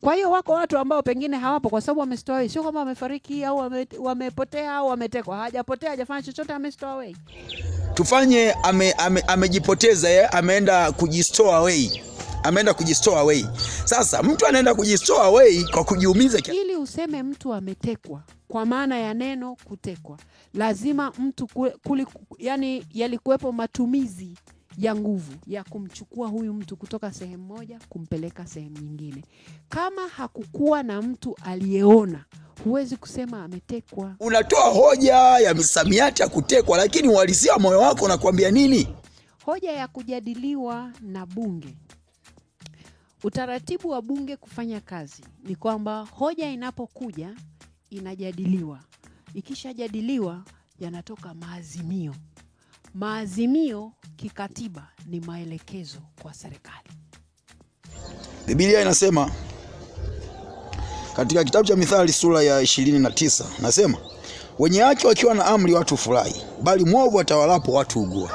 Kwa hiyo wako watu ambao pengine hawapo kwa sababu wamestowaway, sio kwamba wamefariki au wamepotea au wametekwa. Hajapotea, hajafanya chochote, amestowaway. Tufanye amejipoteza ame, ame yeye, eh, ameenda kujistore away ameenda kujistore away. Sasa mtu anaenda kujistore away kwa kujiumiza. Ili useme mtu ametekwa, kwa maana ya neno kutekwa, lazima mtu kule, kuli, yani yalikuwepo matumizi ya nguvu ya kumchukua huyu mtu kutoka sehemu moja kumpeleka sehemu nyingine. Kama hakukuwa na mtu aliyeona, huwezi kusema ametekwa. Unatoa hoja ya misamiati ya kutekwa, lakini uhalisia moyo wako unakuambia nini? Hoja ya kujadiliwa na Bunge. Utaratibu wa Bunge kufanya kazi ni kwamba hoja inapokuja inajadiliwa, ikishajadiliwa yanatoka maazimio. Maazimio kikatiba ni maelekezo kwa serikali. Biblia inasema katika kitabu cha Mithali sura ya 29, nasema wenye haki wakiwa na amri watu furahi, bali mwovu atawalapo watu ugua.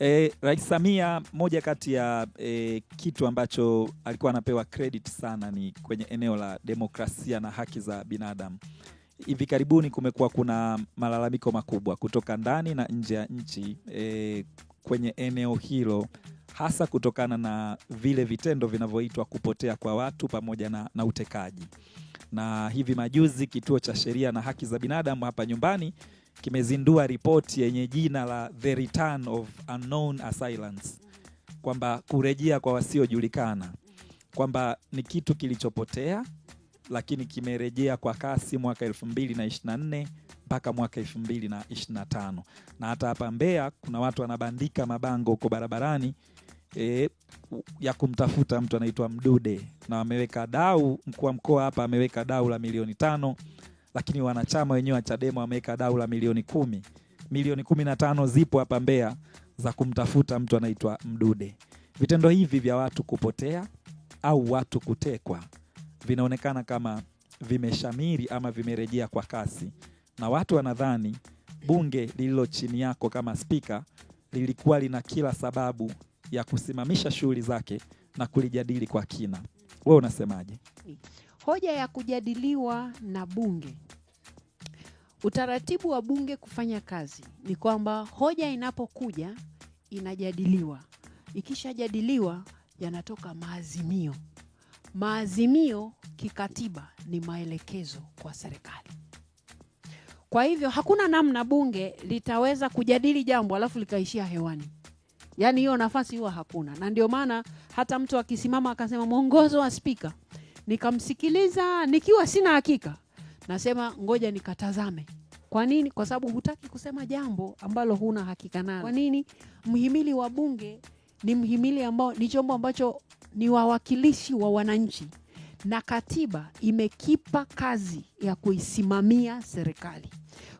E, Rais Samia, moja kati ya e, kitu ambacho alikuwa anapewa credit sana ni kwenye eneo la demokrasia na haki za binadamu hivi karibuni kumekuwa kuna malalamiko makubwa kutoka ndani na nje ya nchi e, kwenye eneo hilo hasa kutokana na vile vitendo vinavyoitwa kupotea kwa watu pamoja na, na utekaji. Na hivi majuzi kituo cha sheria na haki za binadamu hapa nyumbani kimezindua ripoti yenye jina la The Return of Unknown Assailants, kwamba kurejea kwa wasiojulikana, kwamba ni kitu kilichopotea lakini kimerejea kwa kasi mwaka 2024 mpaka mwaka 2025. Na hata hapa Mbeya kuna watu wanabandika mabango huko barabarani e, ya kumtafuta mtu anaitwa Mdude, na wameweka dau, mkuu wa mkoa hapa ameweka dau la milioni tano, lakini wanachama wenyewe wa Chadema wameweka dau la milioni kumi. Milioni kumi na tano zipo hapa Mbeya za kumtafuta mtu anaitwa Mdude. Vitendo hivi vya watu kupotea au watu kutekwa vinaonekana kama vimeshamiri ama vimerejea kwa kasi, na watu wanadhani bunge lililo chini yako kama spika lilikuwa lina kila sababu ya kusimamisha shughuli zake na kulijadili kwa kina. Wewe unasemaje? Hoja ya kujadiliwa na bunge. Utaratibu wa bunge kufanya kazi ni kwamba hoja inapokuja inajadiliwa, ikishajadiliwa yanatoka maazimio. Maazimio kikatiba ni maelekezo kwa serikali. Kwa hivyo hakuna namna bunge litaweza kujadili jambo alafu likaishia hewani. Yaani hiyo nafasi huwa hakuna, na ndio maana hata mtu akisimama akasema mwongozo wa spika, nikamsikiliza nikiwa sina hakika, nasema ngoja nikatazame. Kwa nini? Kwa sababu hutaki kusema jambo ambalo huna hakika nalo. Kwa nini? Mhimili wa bunge ni mhimili ambao ni chombo ambacho ni wawakilishi wa wananchi na katiba imekipa kazi ya kuisimamia serikali.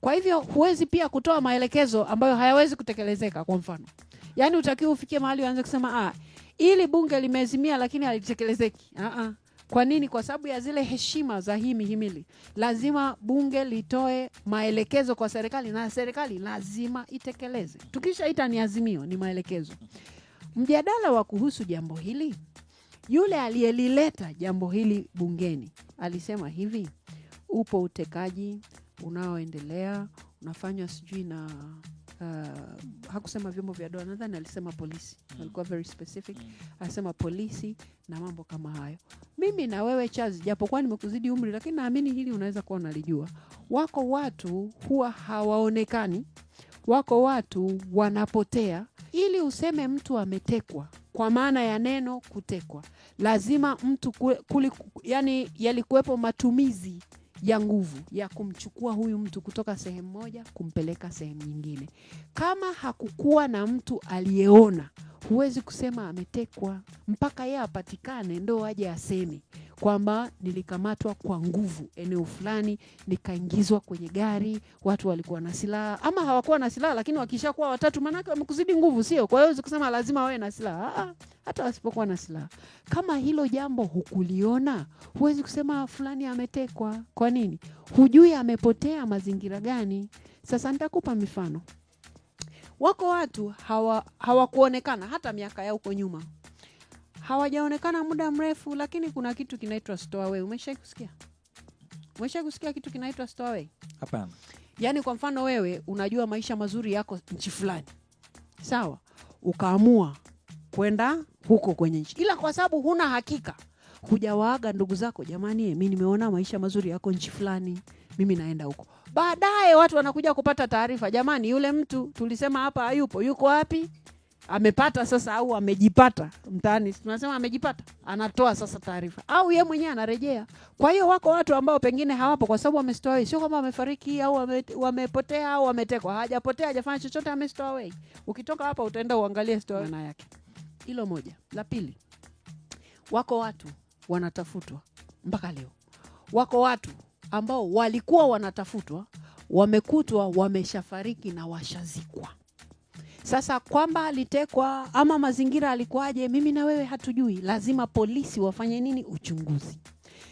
Kwa hivyo huwezi pia kutoa maelekezo ambayo hayawezi kutekelezeka. Kwa mfano, yaani utakiwa ufikie mahali uanze kusema ah, ili bunge limeazimia lakini halitekelezeki. Ah ah. Kwa nini? Kwa sababu ya zile heshima za hii mihimili. Lazima bunge litoe maelekezo kwa serikali na serikali lazima itekeleze. Tukishaita ni azimio, ni maelekezo mjadala wa kuhusu jambo hili. Yule aliyelileta jambo hili bungeni alisema hivi, upo utekaji unaoendelea unafanywa sijui na uh, hakusema vyombo vya dola, nadhani alisema polisi mm. alikuwa very specific mm. alisema polisi na mambo kama hayo. Mimi na wewe Chazi, japokuwa nimekuzidi umri, lakini naamini hili unaweza kuwa unalijua. Wako watu huwa hawaonekani wako watu wanapotea. Ili useme mtu ametekwa, kwa maana ya neno kutekwa, lazima mtu kuli, yani yalikuwepo matumizi ya nguvu ya kumchukua huyu mtu kutoka sehemu moja kumpeleka sehemu nyingine. Kama hakukuwa na mtu aliyeona huwezi kusema ametekwa mpaka yeye apatikane, ndo aje aseme kwamba nilikamatwa kwa nguvu eneo fulani, nikaingizwa kwenye gari, watu walikuwa na silaha ama hawakuwa na silaha, lakini wakishakuwa watatu, maanake wamekuzidi nguvu, sio? Kwa hiyo huwezi kusema lazima wawe na silaha, ah, ah, hata wasipokuwa na silaha. Kama hilo jambo hukuliona, huwezi kusema fulani ametekwa. Kwa nini? Hujui amepotea mazingira gani. Sasa nitakupa mifano. Wako watu hawa hawakuonekana hata miaka ya huko nyuma, hawajaonekana muda mrefu, lakini kuna kitu kinaitwa stowaway. umesha kusikia? umesha kusikia kitu kinaitwa stowaway? Hapana. Yaani kwa mfano wewe unajua maisha mazuri yako nchi fulani, sawa, ukaamua kwenda huko kwenye nchi, ila kwa sababu huna hakika, hujawaaga ndugu zako, jamani, mi nimeona maisha mazuri yako nchi fulani, mimi naenda huko. Baadaye watu wanakuja kupata taarifa, jamani, yule mtu tulisema hapa hayupo, yuko wapi? Amepata sasa au amejipata mtaani, tunasema amejipata, anatoa sasa taarifa, au ye mwenyewe anarejea. Kwa hiyo wako watu ambao pengine hawapo kwa sababu wamestoa away, sio kwamba wamefariki au wamepotea au wametekwa. Hajapotea, hajafanya chochote, amestoa away. Ukitoka hapa utaenda uangalie stowawei yake. Hilo moja. La pili, wako watu wanatafutwa mpaka leo, wako watu ambao walikuwa wanatafutwa wamekutwa wameshafariki na washazikwa. Sasa kwamba alitekwa ama mazingira alikuwaje, mimi na wewe hatujui. Lazima polisi wafanye nini? Uchunguzi.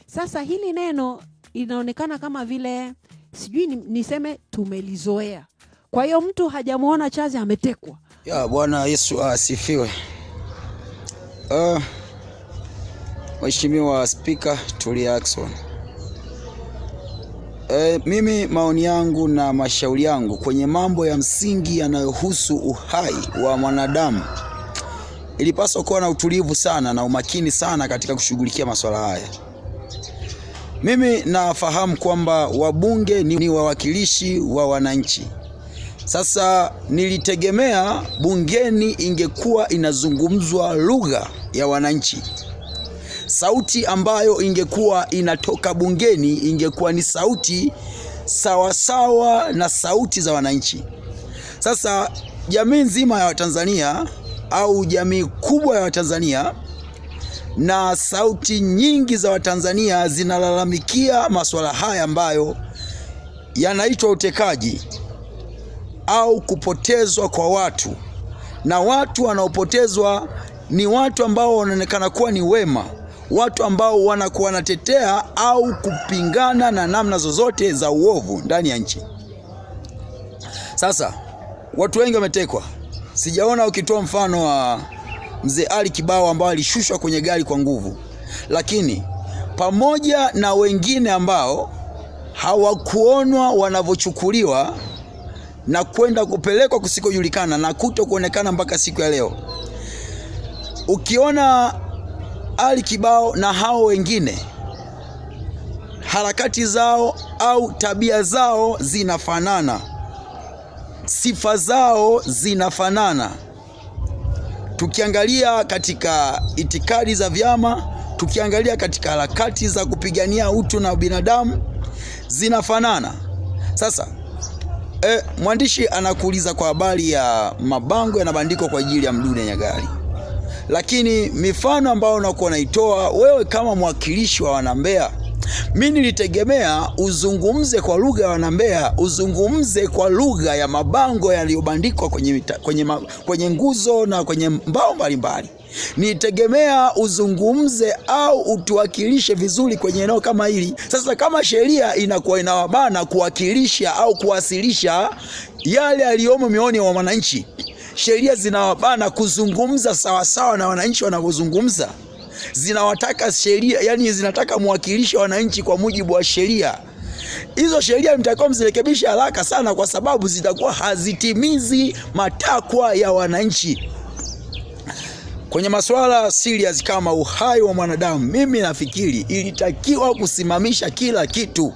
Sasa hili neno inaonekana kama vile sijui niseme tumelizoea, kwa hiyo mtu hajamwona Chazi ametekwa. Ya Bwana Yesu asifiwe. Uh, Mheshimiwa Spika Tulia Ackson E, mimi maoni yangu na mashauri yangu kwenye mambo ya msingi yanayohusu uhai wa mwanadamu ilipaswa kuwa na utulivu sana na umakini sana katika kushughulikia masuala haya. Mimi nafahamu kwamba wabunge ni wawakilishi wa wananchi. Sasa nilitegemea bungeni ingekuwa inazungumzwa lugha ya wananchi sauti ambayo ingekuwa inatoka bungeni ingekuwa ni sauti sawasawa na sauti za wananchi. Sasa jamii nzima ya Watanzania au jamii kubwa ya Watanzania na sauti nyingi za Watanzania zinalalamikia masuala haya ambayo yanaitwa utekaji au kupotezwa kwa watu, na watu wanaopotezwa ni watu ambao wanaonekana kuwa ni wema watu ambao wanakuwa wanatetea au kupingana na namna zozote za uovu ndani ya nchi. Sasa watu wengi wametekwa. Sijaona ukitoa mfano wa mzee Ali Kibao ambao alishushwa kwenye gari kwa nguvu, lakini pamoja na wengine ambao hawakuonwa wanavyochukuliwa na kwenda kupelekwa kusikojulikana na kuto kuonekana mpaka siku ya leo. Ukiona ali Kibao na hao wengine harakati zao au tabia zao zinafanana, sifa zao zinafanana. Tukiangalia katika itikadi za vyama, tukiangalia katika harakati za kupigania utu na binadamu zinafanana. Sasa e, mwandishi anakuuliza kwa habari ya mabango yanabandikwa kwa ajili ya Mdude Nyagali. Lakini mifano ambayo unakuwa unaitoa wewe kama mwakilishi wa wanambea mi nilitegemea uzungumze kwa lugha ya wanambea, uzungumze kwa lugha ya mabango yaliyobandikwa kwenye, kwenye, ma, kwenye nguzo na kwenye mbao mbalimbali. Nilitegemea uzungumze au utuwakilishe vizuri kwenye eneo kama hili. Sasa kama sheria inakuwa inawabana kuwakilisha au kuwasilisha yale yaliyomo mioni wa wananchi sheria zinawabana kuzungumza sawasawa na wananchi wanavyozungumza, zinawataka sheria, yani zinataka mwakilishi wananchi kwa mujibu wa sheria. Hizo sheria mtakiwa mzirekebishe haraka sana, kwa sababu zitakuwa hazitimizi matakwa ya wananchi kwenye masuala serious kama uhai wa mwanadamu, mimi nafikiri ilitakiwa kusimamisha kila kitu,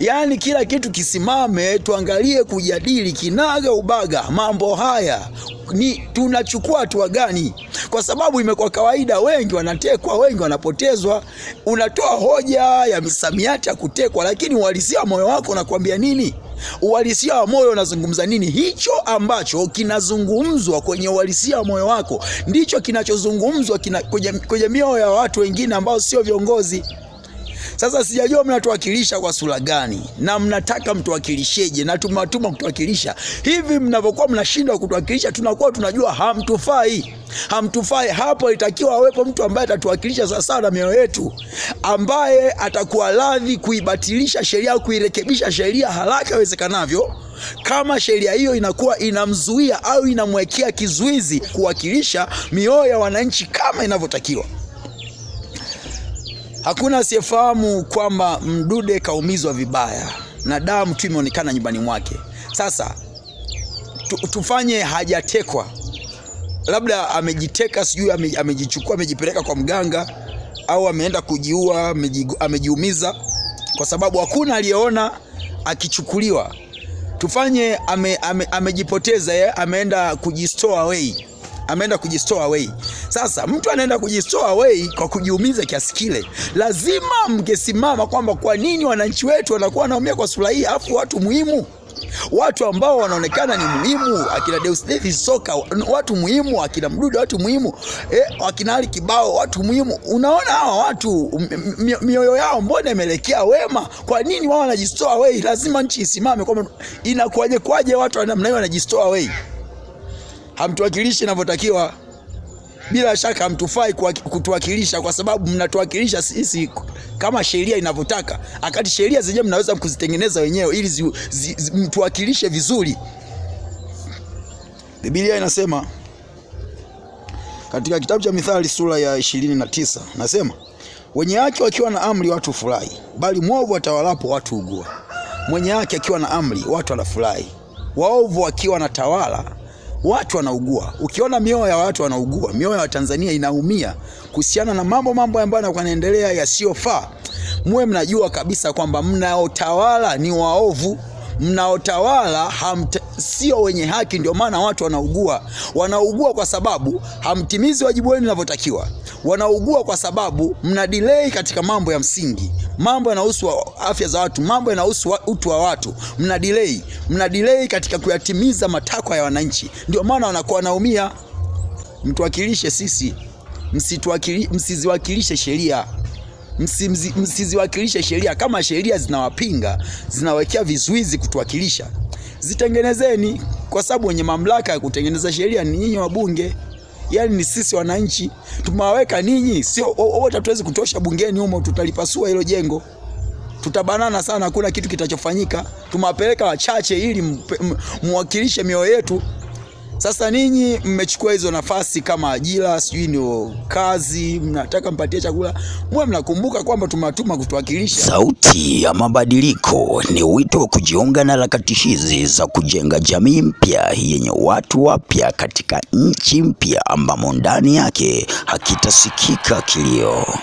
yaani kila kitu kisimame, tuangalie kujadili kinaga ubaga mambo haya ni tunachukua hatua gani, kwa sababu imekuwa kawaida, wengi wanatekwa, wengi wanapotezwa. Unatoa hoja ya misamiati ya kutekwa, lakini uhalisia wa moyo wako unakuambia nini? Uhalisia wa moyo unazungumza nini? Hicho ambacho kinazungumzwa kwenye uhalisia wa moyo wako ndicho kinachozungumzwa kina, kwenye, kwenye mioyo ya watu wengine ambao sio viongozi. Sasa sijajua mnatuwakilisha kwa sura gani na mnataka mtuwakilisheje, na tumewatuma kutuwakilisha. Hivi mnavyokuwa mnashindwa kutuwakilisha, tunakuwa tunajua hamtufai, hamtufai. Hapo itakiwa awepo mtu ambaye atatuwakilisha sawasawa na mioyo yetu, ambaye atakuwa radhi kuibatilisha sheria, kuirekebisha sheria haraka iwezekanavyo kama sheria hiyo inakuwa inamzuia au inamwekea kizuizi kuwakilisha mioyo ya wananchi kama inavyotakiwa. Hakuna asiyefahamu kwamba Mdude kaumizwa vibaya na damu tu imeonekana nyumbani mwake. Sasa tu, tufanye hajatekwa, labda amejiteka, sijui amejichukua, amejipeleka kwa mganga au ameenda kujiua, amejiumiza, kwa sababu hakuna aliyeona akichukuliwa. Tufanye ame, ame, amejipoteza, eh, ameenda kujistoa wei, ameenda kujistoa wei. Sasa mtu anaenda kujistoa wei kwa kujiumiza kiasi kile, lazima mngesimama kwamba kwa nini wananchi wetu wanakuwa wanaumia kwa sura hii, afu watu muhimu watu ambao wanaonekana ni muhimu, akina Deus soka, watu muhimu, akina Mdude, watu muhimu eh, akina Ali Kibao, watu muhimu. Unaona hawa watu mioyo yao mbona imeelekea wema? Kwa nini wao wanajistoa wei? Lazima nchi isimame kwamba inakuwaje kwaje watu wa namna hiyo wanajistoa wei? hamtuwakilishi inavyotakiwa bila shaka mtufai kutuwakilisha kwa sababu mnatuwakilisha sisi kama sheria inavyotaka, akati sheria zenyewe mnaweza kuzitengeneza wenyewe ili zi, zi, zi, mtuwakilishe vizuri. Biblia inasema katika kitabu cha Mithali sura ya 29 nasema, wenye haki wakiwa na amri watu furahi, bali mwovu atawalapo watu ugua. Mwenye haki akiwa na amri watu wanafurahi, waovu wakiwa na tawala watu wanaugua. Ukiona mioyo ya watu wanaugua, mioyo ya Tanzania inaumia kuhusiana na mambo mambo ambayo yanaendelea yasiyofaa, muwe mnajua kabisa kwamba mnaotawala ni waovu mnaotawala sio wenye haki. Ndio maana watu wanaugua, wanaugua kwa sababu hamtimizi wajibu wenu inavyotakiwa, wanaugua kwa sababu mna delay katika mambo ya msingi, mambo yanahusu afya za watu, mambo yanahusu utu wa watu, mna delay, mna delay katika kuyatimiza matakwa ya wananchi, ndio maana wanakuwa wanaumia. Mtuwakilishe sisi, msiziwakilishe sheria msiziwakilishe sheria. Kama sheria zinawapinga, zinawekea vizuizi kutuwakilisha, zitengenezeni, kwa sababu wenye mamlaka ya kutengeneza sheria ni nyinyi wabunge. Yani ni sisi wananchi, tumewaweka ninyi, sio wote. Hatuwezi kutosha bungeni humo, tutalipasua hilo jengo, tutabanana sana, hakuna kitu kitachofanyika. Tumewapeleka wachache ili muwakilishe mioyo yetu. Sasa ninyi mmechukua hizo nafasi kama ajira, sijui ni kazi, mnataka mpatie chakula, mwe mnakumbuka kwamba tumatuma kutuwakilisha. Sauti ya Mabadiliko ni wito wa kujiunga na harakati hizi za kujenga jamii mpya yenye watu wapya katika nchi mpya ambamo ndani yake hakitasikika kilio.